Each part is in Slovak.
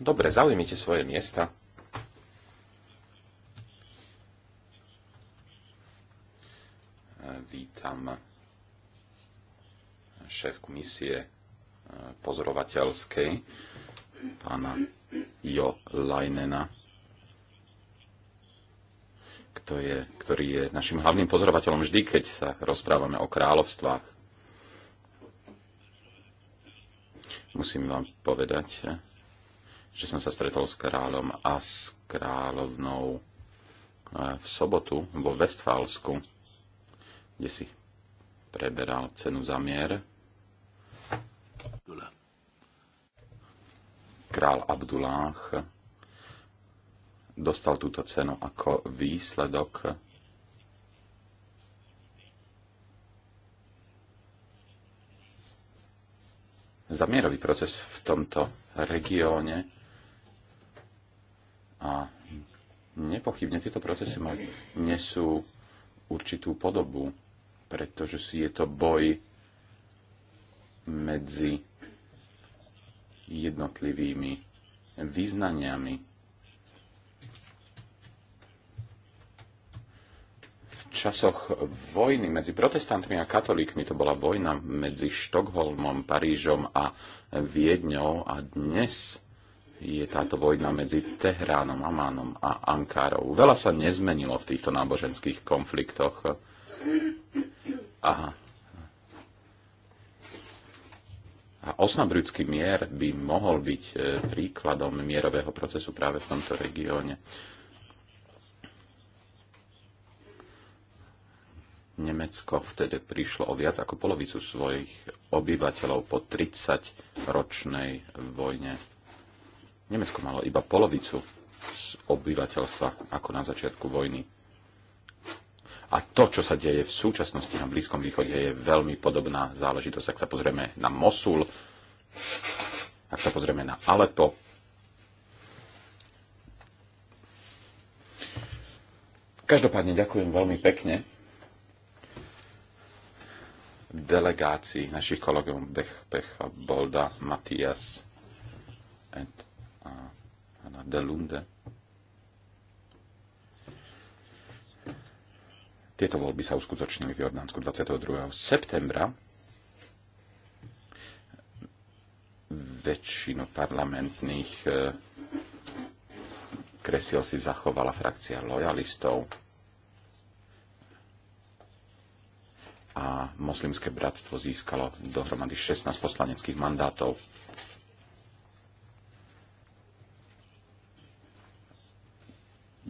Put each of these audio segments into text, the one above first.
Dobre, zaujmite svoje miesta. Vítam šéf komisie e, pozorovateľskej, pána Jo Lajnena, ktorý je, ktorý je našim hlavným pozorovateľom vždy, keď sa rozprávame o kráľovstvách Musím vám povedať, že som sa stretol s kráľom a s kráľovnou e, v sobotu vo Westfálsku, kde si preberal cenu za mier. Král Abduláh dostal túto cenu ako výsledok za mierový proces v tomto regióne a nepochybne tieto procesy majú, nesú určitú podobu, pretože je to boj medzi jednotlivými význaniami časoch vojny medzi protestantmi a katolíkmi, to bola vojna medzi Štokholmom, Parížom a Viedňou a dnes je táto vojna medzi Tehránom, Amánom a Ankárou. Veľa sa nezmenilo v týchto náboženských konfliktoch. A, a osnabrudský mier by mohol byť e, príkladom mierového procesu práve v tomto regióne. Nemecko vtedy prišlo o viac ako polovicu svojich obyvateľov po 30-ročnej vojne. Nemecko malo iba polovicu z obyvateľstva ako na začiatku vojny. A to, čo sa deje v súčasnosti na Blízkom východe, je veľmi podobná záležitosť. Ak sa pozrieme na Mosul, ak sa pozrieme na Alepo, Každopádne ďakujem veľmi pekne delegácií našich kolegov Bech, Pech, Bolda, Matias et a De Delunde. Tieto voľby sa uskutočnili v Jordánsku 22. septembra. Väčšinu parlamentných eh, kresiel si zachovala frakcia lojalistov a moslimské bratstvo získalo dohromady 16 poslaneckých mandátov.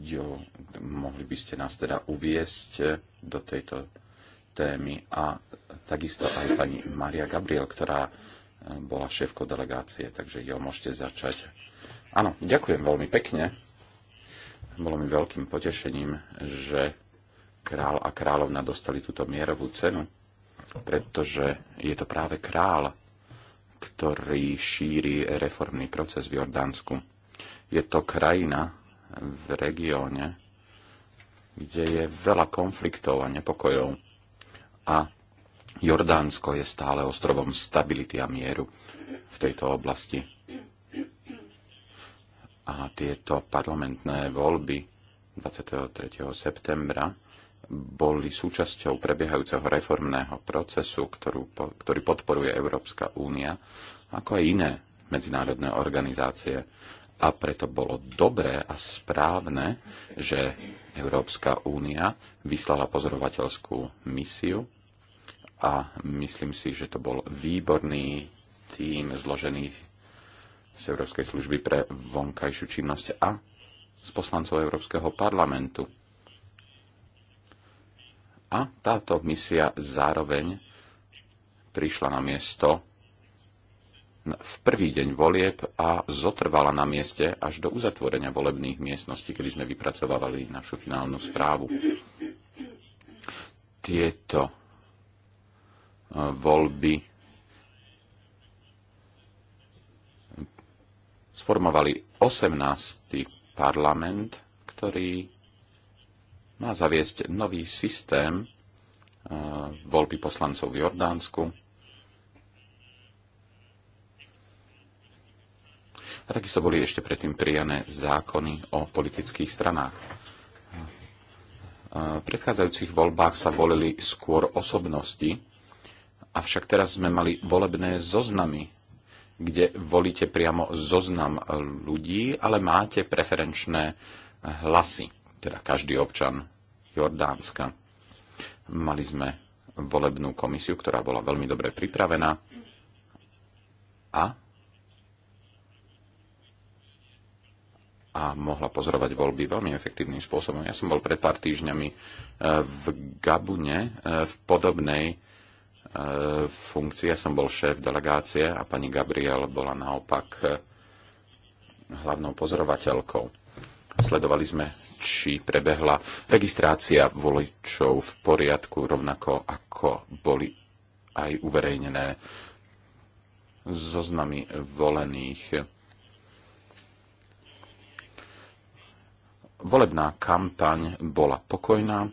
Jo, mohli by ste nás teda uviesť do tejto témy a takisto aj pani Maria Gabriel, ktorá eh, bola šéfkou delegácie, takže jo, môžete začať. Áno, ďakujem veľmi pekne. Bolo mi veľkým potešením, že král a královna dostali túto mierovú cenu, pretože je to práve král, ktorý šíri reformný proces v Jordánsku. Je to krajina v regióne, kde je veľa konfliktov a nepokojov a Jordánsko je stále ostrovom stability a mieru v tejto oblasti. A tieto parlamentné voľby 23. septembra boli súčasťou prebiehajúceho reformného procesu, ktorú, ktorý podporuje Európska únia, ako aj iné medzinárodné organizácie. A preto bolo dobré a správne, že Európska únia vyslala pozorovateľskú misiu a myslím si, že to bol výborný tým zložený z Európskej služby pre vonkajšiu činnosť a z poslancov Európskeho parlamentu. A táto misia zároveň prišla na miesto v prvý deň volieb a zotrvala na mieste až do uzatvorenia volebných miestností, kedy sme vypracovávali našu finálnu správu. Tieto e, voľby sformovali 18. parlament, ktorý má zaviesť nový systém e, voľby poslancov v Jordánsku. A takisto boli ešte predtým prijané zákony o politických stranách. E, v predchádzajúcich voľbách sa volili skôr osobnosti, avšak teraz sme mali volebné zoznamy, kde volíte priamo zoznam ľudí, ale máte preferenčné hlasy teda každý občan Jordánska. Mali sme volebnú komisiu, ktorá bola veľmi dobre pripravená a a mohla pozorovať voľby veľmi efektívnym spôsobom. Ja som bol pred pár týždňami e, v Gabune e, v podobnej e, funkcii. Ja som bol šéf delegácie a pani Gabriel bola naopak hlavnou pozorovateľkou. Sledovali sme či prebehla registrácia voličov v poriadku, rovnako ako boli aj uverejnené zoznamy volených. Volebná kampaň bola pokojná.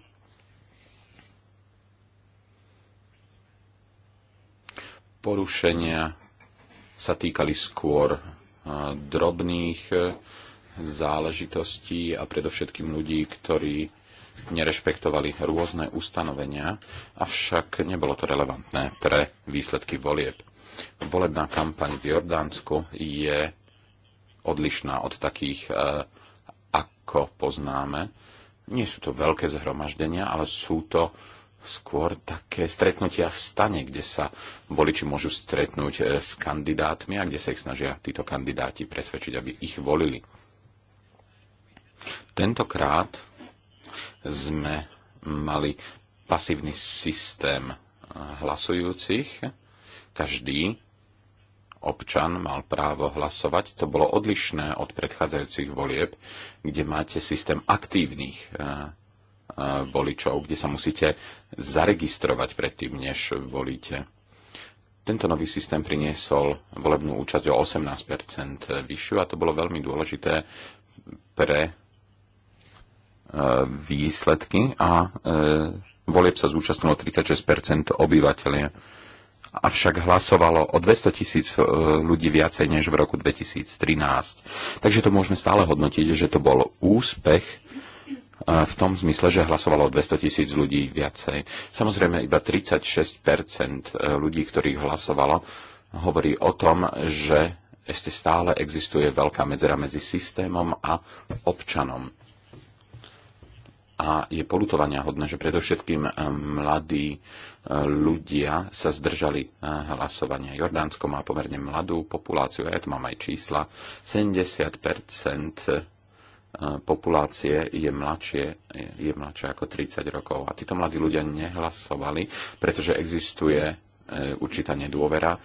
Porušenia sa týkali skôr eh, drobných záležitostí a predovšetkým ľudí, ktorí nerešpektovali rôzne ustanovenia, avšak nebolo to relevantné pre výsledky volieb. Volebná kampaň v Jordánsku je odlišná od takých, e, ako poznáme. Nie sú to veľké zhromaždenia, ale sú to skôr také stretnutia v stane, kde sa voliči môžu stretnúť e, s kandidátmi a kde sa ich snažia títo kandidáti presvedčiť, aby ich volili. Tentokrát sme mali pasívny systém hlasujúcich. Každý občan mal právo hlasovať. To bolo odlišné od predchádzajúcich volieb, kde máte systém aktívnych eh, eh, voličov, kde sa musíte zaregistrovať predtým, než volíte. Tento nový systém priniesol volebnú účasť o 18 vyššiu a to bolo veľmi dôležité pre výsledky a e, volieb sa zúčastnilo 36 obyvateľia. Avšak hlasovalo o 200 tisíc e, ľudí viacej než v roku 2013. Takže to môžeme stále hodnotiť, že to bol úspech e, v tom zmysle, že hlasovalo o 200 tisíc ľudí viacej. Samozrejme, iba 36 ľudí, ktorých hlasovalo, hovorí o tom, že ešte stále existuje veľká medzera medzi systémom a občanom a je polutovania hodné, že predovšetkým eh, mladí eh, ľudia sa zdržali eh, hlasovania. Jordánsko má pomerne mladú populáciu, ja tu mám aj čísla. 70 populácie je, mladšie, je mladšie ako 30 rokov. A títo mladí ľudia nehlasovali, pretože existuje určitá nedôvera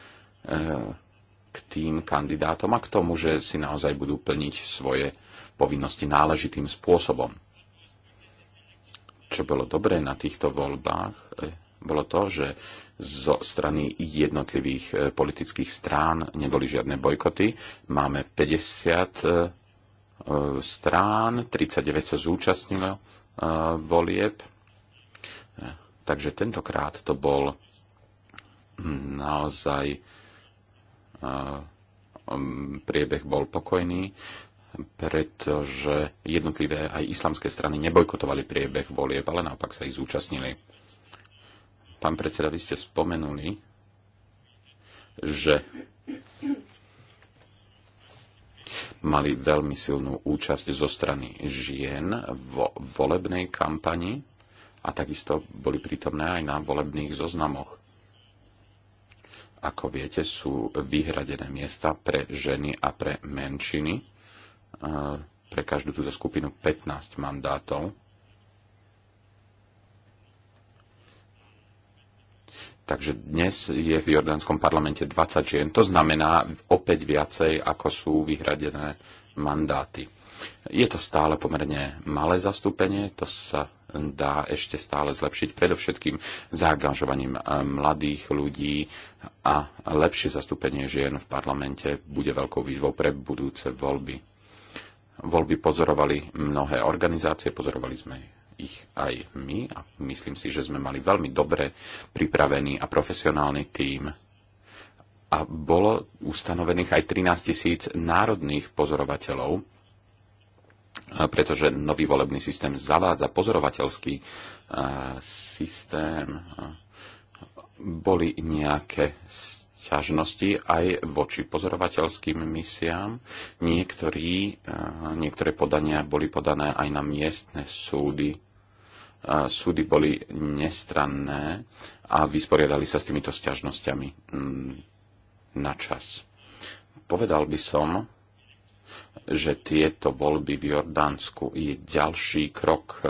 k tým kandidátom a k tomu, že si naozaj budú plniť svoje povinnosti náležitým spôsobom čo bolo dobré na týchto voľbách, e, bolo to, že zo strany jednotlivých e, politických strán neboli žiadne bojkoty. Máme 50 e, strán, 39 sa zúčastnilo volieb. Takže tentokrát to bol hm, naozaj priebeh bol pokojný pretože jednotlivé aj islamské strany nebojkotovali priebeh volieb, ale naopak sa ich zúčastnili. Pán predseda, vy ste spomenuli, že mali veľmi silnú účasť zo strany žien vo volebnej kampani a takisto boli prítomné aj na volebných zoznamoch. Ako viete, sú vyhradené miesta pre ženy a pre menšiny pre každú túto skupinu 15 mandátov. Takže dnes je v Jordánskom parlamente 20 žien. To znamená opäť viacej, ako sú vyhradené mandáty. Je to stále pomerne malé zastúpenie, to sa dá ešte stále zlepšiť, predovšetkým zaangažovaním eh, mladých ľudí a lepšie zastúpenie žien v parlamente bude veľkou výzvou pre budúce voľby. Voľby pozorovali mnohé organizácie, pozorovali sme ich aj my a myslím si, že sme mali veľmi dobre pripravený a profesionálny tím. A bolo ustanovených aj 13 tisíc národných pozorovateľov, pretože nový volebný systém zavádza pozorovateľský systém. Boli nejaké ťažnosti aj voči pozorovateľským misiám. Niektorí, eh, niektoré podania boli podané aj na miestne súdy. Eh, súdy boli nestranné a vysporiadali sa s týmito sťažnosťami mm, na čas. Povedal by som, že tieto voľby v Jordánsku je ďalší krok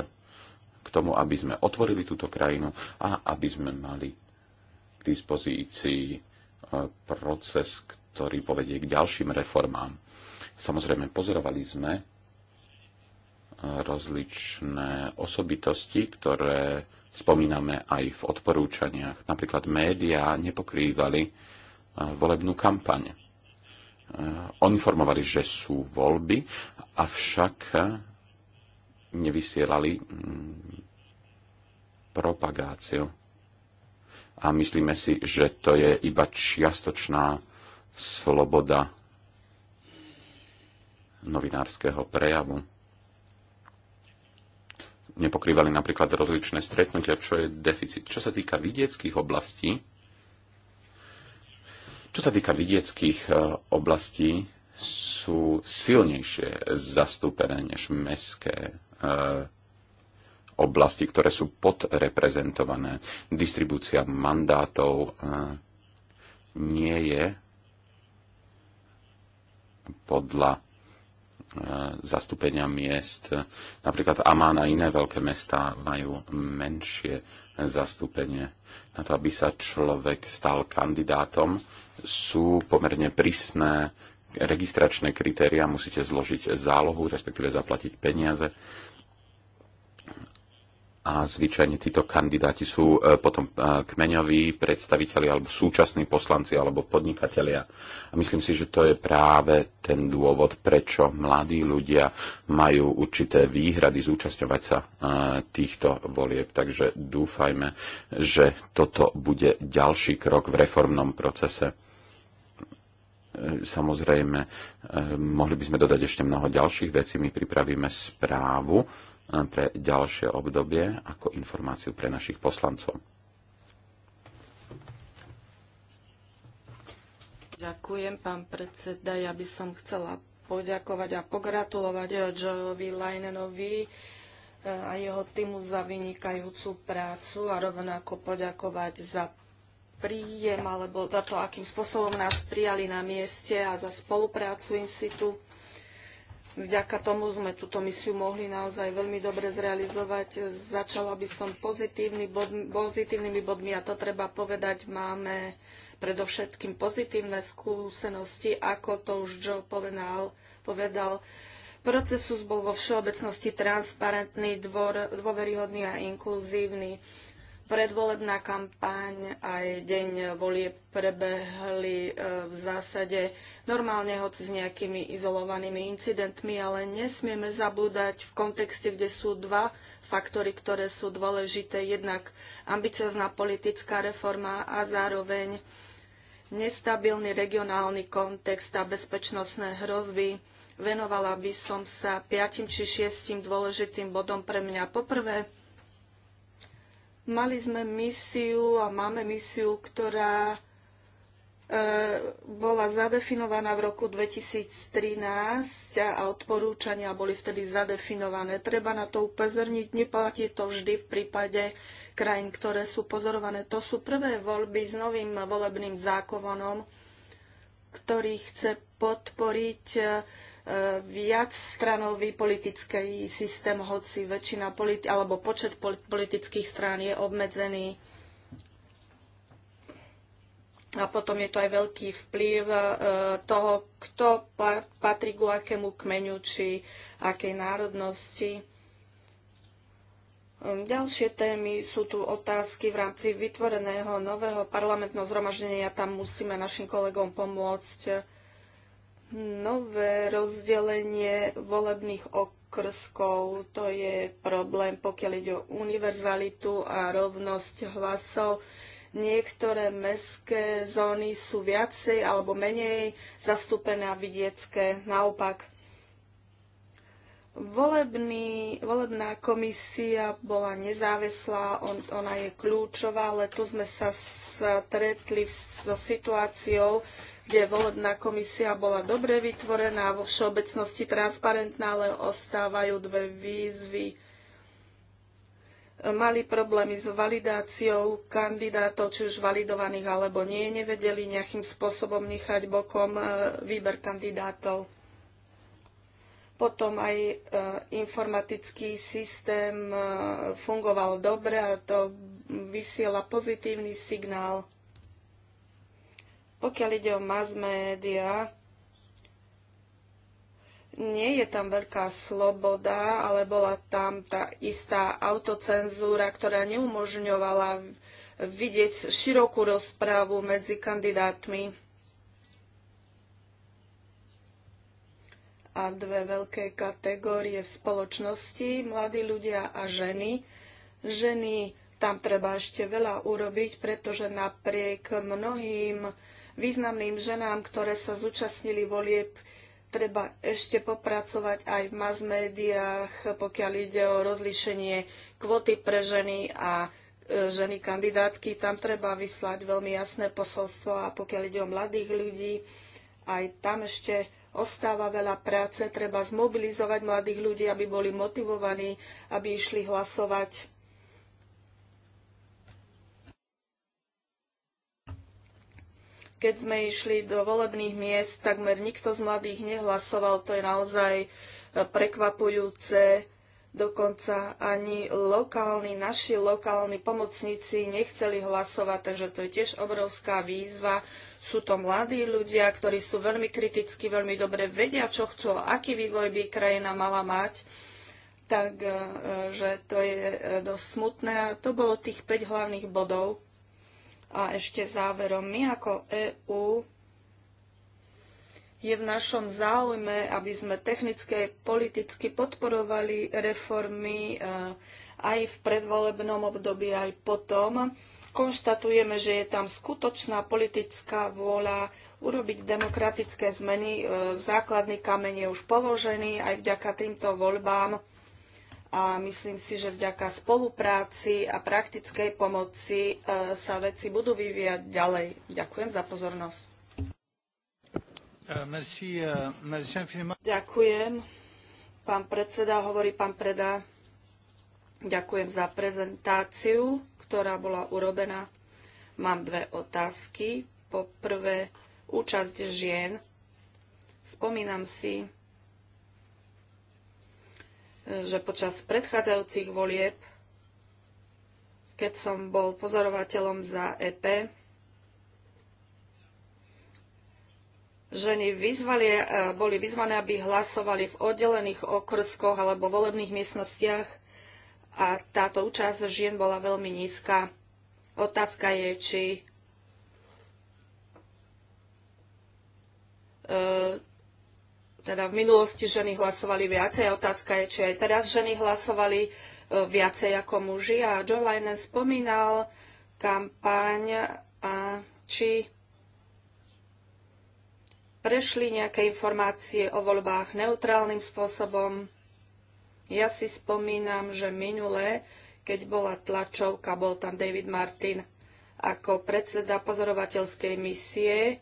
k tomu, aby sme otvorili túto krajinu a aby sme mali k dispozícii proces, ktorý povedie k ďalším reformám. Samozrejme, pozorovali sme eh, rozličné osobitosti, ktoré spomíname aj v odporúčaniach. Napríklad médiá nepokrývali eh, volebnú kampaň. Eh, Informovali, že sú voľby, avšak nevysielali mm, propagáciu a myslíme si, že to je iba čiastočná sloboda novinárskeho prejavu. Nepokrývali napríklad rozličné stretnutia, čo je deficit. Čo sa týka vidieckých oblastí, čo sa týka vidieckých e, oblastí, sú silnejšie zastúpené než mestské e, oblasti, ktoré sú podreprezentované. Distribúcia mandátov eh, nie je podľa eh, zastúpenia miest. Napríklad Amán a iné veľké mesta majú menšie zastúpenie. Na to, aby sa človek stal kandidátom, sú pomerne prísne registračné kritéria, musíte zložiť zálohu, respektíve zaplatiť peniaze a zvyčajne títo kandidáti sú e, potom e, kmeňoví predstaviteľi alebo súčasní poslanci alebo podnikatelia. A myslím si, že to je práve ten dôvod, prečo mladí ľudia majú určité výhrady zúčastňovať sa e, týchto volieb. Takže dúfajme, že toto bude ďalší krok v reformnom procese. Samozrejme, mohli by sme dodať ešte mnoho ďalších vecí. My pripravíme správu pre ďalšie obdobie ako informáciu pre našich poslancov. Ďakujem, pán predseda. Ja by som chcela poďakovať a pogratulovať Joevi Lajnenovi eh, a jeho týmu za vynikajúcu prácu a rovnako poďakovať za príjem alebo za to, akým spôsobom nás prijali na mieste a za spoluprácu institútu Vďaka tomu sme túto misiu mohli naozaj veľmi dobre zrealizovať. Začala by som pozitívny bod, pozitívnymi bodmi a to treba povedať, máme predovšetkým pozitívne skúsenosti, ako to už Joe povedal. povedal. Procesus bol vo všeobecnosti transparentný, dôveryhodný a inkluzívny. Predvolebná kampaň aj deň volie prebehli e, v zásade normálne, hoci s nejakými izolovanými incidentmi, ale nesmieme zabúdať v kontexte, kde sú dva faktory, ktoré sú dôležité. Jednak ambiciozná politická reforma a zároveň nestabilný regionálny kontext a bezpečnostné hrozby. Venovala by som sa piatim či šiestim dôležitým bodom pre mňa. Poprvé, Mali sme misiu a máme misiu, ktorá e, bola zadefinovaná v roku 2013 a odporúčania boli vtedy zadefinované. Treba na to upozorniť, neplatí to vždy v prípade krajín, ktoré sú pozorované. To sú prvé voľby s novým volebným zákonom, ktorý chce podporiť e, viacstranový politický systém, hoci väčšina politi- alebo počet politických strán je obmedzený. A potom je to aj veľký vplyv e, toho, kto patrí ku akému kmeňu či akej národnosti. Hm, ďalšie témy sú tu otázky v rámci vytvoreného nového parlamentného zhromaždenia. Tam musíme našim kolegom pomôcť Nové rozdelenie volebných okrskov, to je problém, pokiaľ ide o univerzalitu a rovnosť hlasov niektoré mestské zóny sú viacej alebo menej zastúpené a vidiecké naopak. Volebný, volebná komisia bola nezávislá, on, ona je kľúčová, ale tu sme sa stretli so situáciou, kde volebná komisia bola dobre vytvorená, vo všeobecnosti transparentná, ale ostávajú dve výzvy. Mali problémy s validáciou kandidátov, či už validovaných alebo nie, nevedeli nejakým spôsobom nechať bokom e, výber kandidátov. Potom aj e, informatický systém e, fungoval dobre a to vysiela pozitívny signál pokiaľ ide o mass media, nie je tam veľká sloboda, ale bola tam tá istá autocenzúra, ktorá neumožňovala vidieť širokú rozprávu medzi kandidátmi. A dve veľké kategórie v spoločnosti, mladí ľudia a ženy. Ženy tam treba ešte veľa urobiť, pretože napriek mnohým Významným ženám, ktoré sa zúčastnili volieb, treba ešte popracovať aj v mass médiách, pokiaľ ide o rozlíšenie kvoty pre ženy a e, ženy kandidátky. Tam treba vyslať veľmi jasné posolstvo a pokiaľ ide o mladých ľudí, aj tam ešte ostáva veľa práce. Treba zmobilizovať mladých ľudí, aby boli motivovaní, aby išli hlasovať. Keď sme išli do volebných miest, takmer nikto z mladých nehlasoval. To je naozaj e, prekvapujúce. Dokonca ani lokálni, naši lokálni pomocníci nechceli hlasovať, takže to je tiež obrovská výzva. Sú to mladí ľudia, ktorí sú veľmi kriticky, veľmi dobre vedia, čo chcú, aký vývoj by krajina mala mať. Takže e, e, to je dosť smutné. To bolo tých 5 hlavných bodov. A ešte záverom, my ako EÚ je v našom záujme, aby sme technické, politicky podporovali reformy eh, aj v predvolebnom období, aj potom. Konštatujeme, že je tam skutočná politická vôľa urobiť demokratické zmeny. Eh, základný kameň je už položený aj vďaka týmto voľbám a myslím si, že vďaka spolupráci a praktickej pomoci e, sa veci budú vyvíjať ďalej. Ďakujem za pozornosť. E, merci, e, merci. Ďakujem. Pán predseda, hovorí pán Preda. Ďakujem za prezentáciu, ktorá bola urobená. Mám dve otázky. Po prvé, účasť žien. Spomínam si, že počas predchádzajúcich volieb, keď som bol pozorovateľom za EP, ženy vyzvali, eh, boli vyzvané, aby hlasovali v oddelených okrskoch alebo volebných miestnostiach a táto účasť žien bola veľmi nízka. Otázka je, či eh, teda v minulosti ženy hlasovali viacej. Otázka je, či aj teraz ženy hlasovali e, viacej ako muži. A John Lennon spomínal kampaň a či prešli nejaké informácie o voľbách neutrálnym spôsobom. Ja si spomínam, že minule, keď bola tlačovka, bol tam David Martin ako predseda pozorovateľskej misie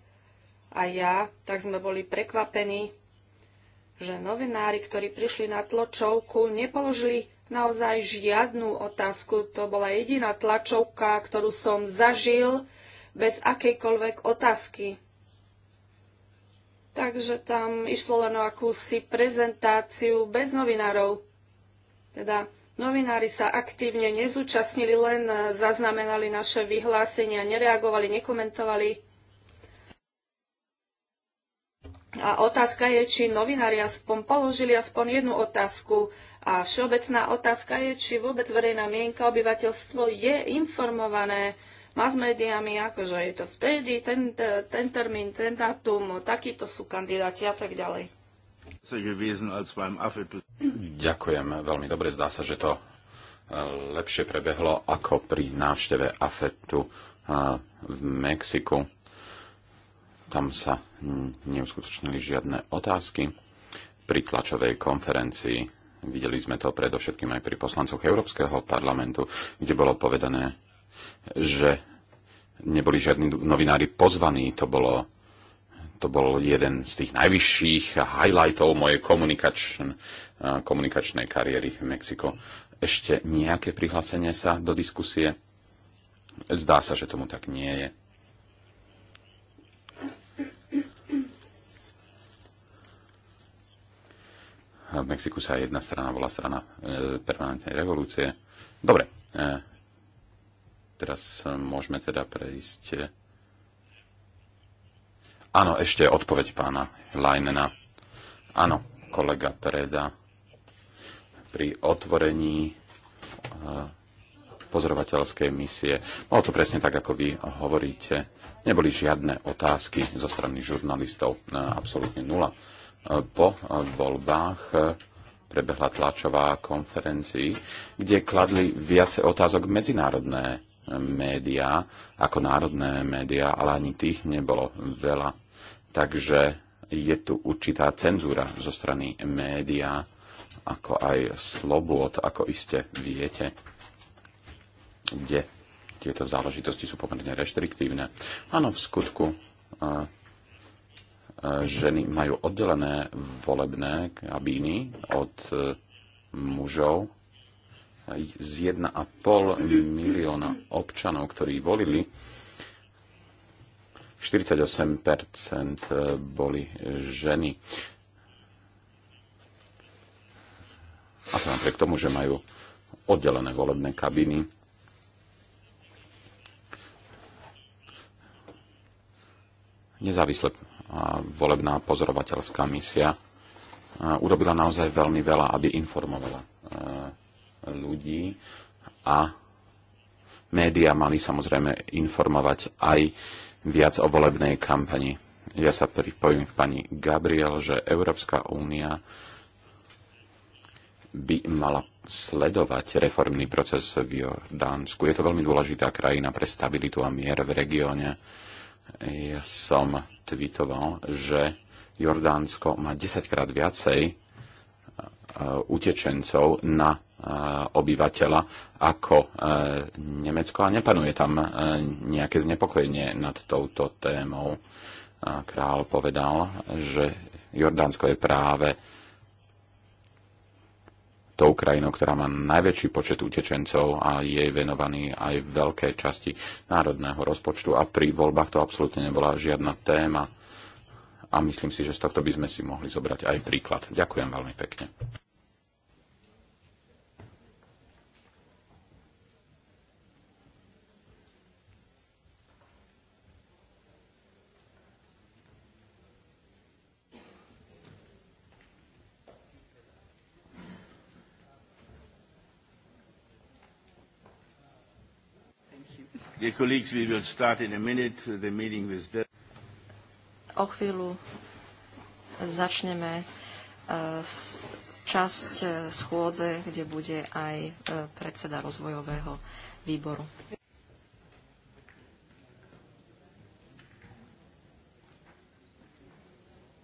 a ja, tak sme boli prekvapení, že novinári, ktorí prišli na tlačovku, nepoložili naozaj žiadnu otázku. To bola jediná tlačovka, ktorú som zažil bez akejkoľvek otázky. Takže tam išlo len o akúsi prezentáciu bez novinárov. Teda Novinári sa aktívne nezúčastnili, len zaznamenali naše vyhlásenia, nereagovali, nekomentovali. A otázka je, či novinári aspoň položili aspoň jednu otázku. A všeobecná otázka je, či vôbec verejná mienka, obyvateľstvo je informované mass médiami, akože je to vtedy, ten, ten termín, ten datum, takíto sú kandidáti a tak ďalej. Ďakujem veľmi dobre. Zdá sa, že to e, lepšie prebehlo ako pri návšteve AFETu e, v Mexiku tam sa neuskutočnili žiadne otázky pri tlačovej konferencii. Videli sme to predovšetkým aj pri poslancoch Európskeho parlamentu, kde bolo povedané, že neboli žiadni novinári pozvaní. To bolo to bol jeden z tých najvyšších highlightov mojej komunikačn, eh, komunikačnej kariéry v Mexiko. Ešte nejaké prihlásenie sa do diskusie? Zdá sa, že tomu tak nie je. V Mexiku sa jedna strana bola strana e, permanentnej revolúcie. Dobre, e, teraz môžeme teda prejsť. Áno, ešte odpoveď pána Leinena. Áno, kolega Preda pri otvorení e, pozorovateľskej misie. Bolo to presne tak, ako vy hovoríte. Neboli žiadne otázky zo strany žurnalistov, absolútne nula po voľbách eh, prebehla tlačová konferencii, kde kladli viac otázok medzinárodné eh, médiá ako národné médiá, ale ani tých nebolo veľa. Takže je tu určitá cenzúra zo strany médiá, ako aj slobôd, ako iste viete, kde tieto záležitosti sú pomerne reštriktívne. Áno, v skutku eh, ženy majú oddelené volebné kabíny od e, mužov z 1,5 milióna občanov, ktorí volili, 48% e, boli ženy. A to napriek tomu, že majú oddelené volebné kabiny. Nezávisle volebná pozorovateľská misia urobila naozaj veľmi veľa, aby informovala e, ľudí a médiá mali samozrejme informovať aj viac o volebnej kampani. Ja sa pripojím k pani Gabriel, že Európska únia by mala sledovať reformný proces v Jordánsku. Je to veľmi dôležitá krajina pre stabilitu a mier v regióne ja som tweetoval, že Jordánsko má 10 krát viacej e, utečencov na e, obyvateľa ako e, Nemecko a nepanuje tam nejaké znepokojenie nad touto témou. Král povedal, že Jordánsko je práve tou krajinou, ktorá má najväčší počet utečencov a je venovaný aj veľké časti národného rozpočtu a pri voľbách to absolútne nebola žiadna téma. A myslím si, že z tohto by sme si mohli zobrať aj príklad. Ďakujem veľmi pekne. Dear colleagues, we will start in a minute the meeting O chvíľu začneme eh, časť eh, schôdze, kde bude aj eh, predseda rozvojového výboru.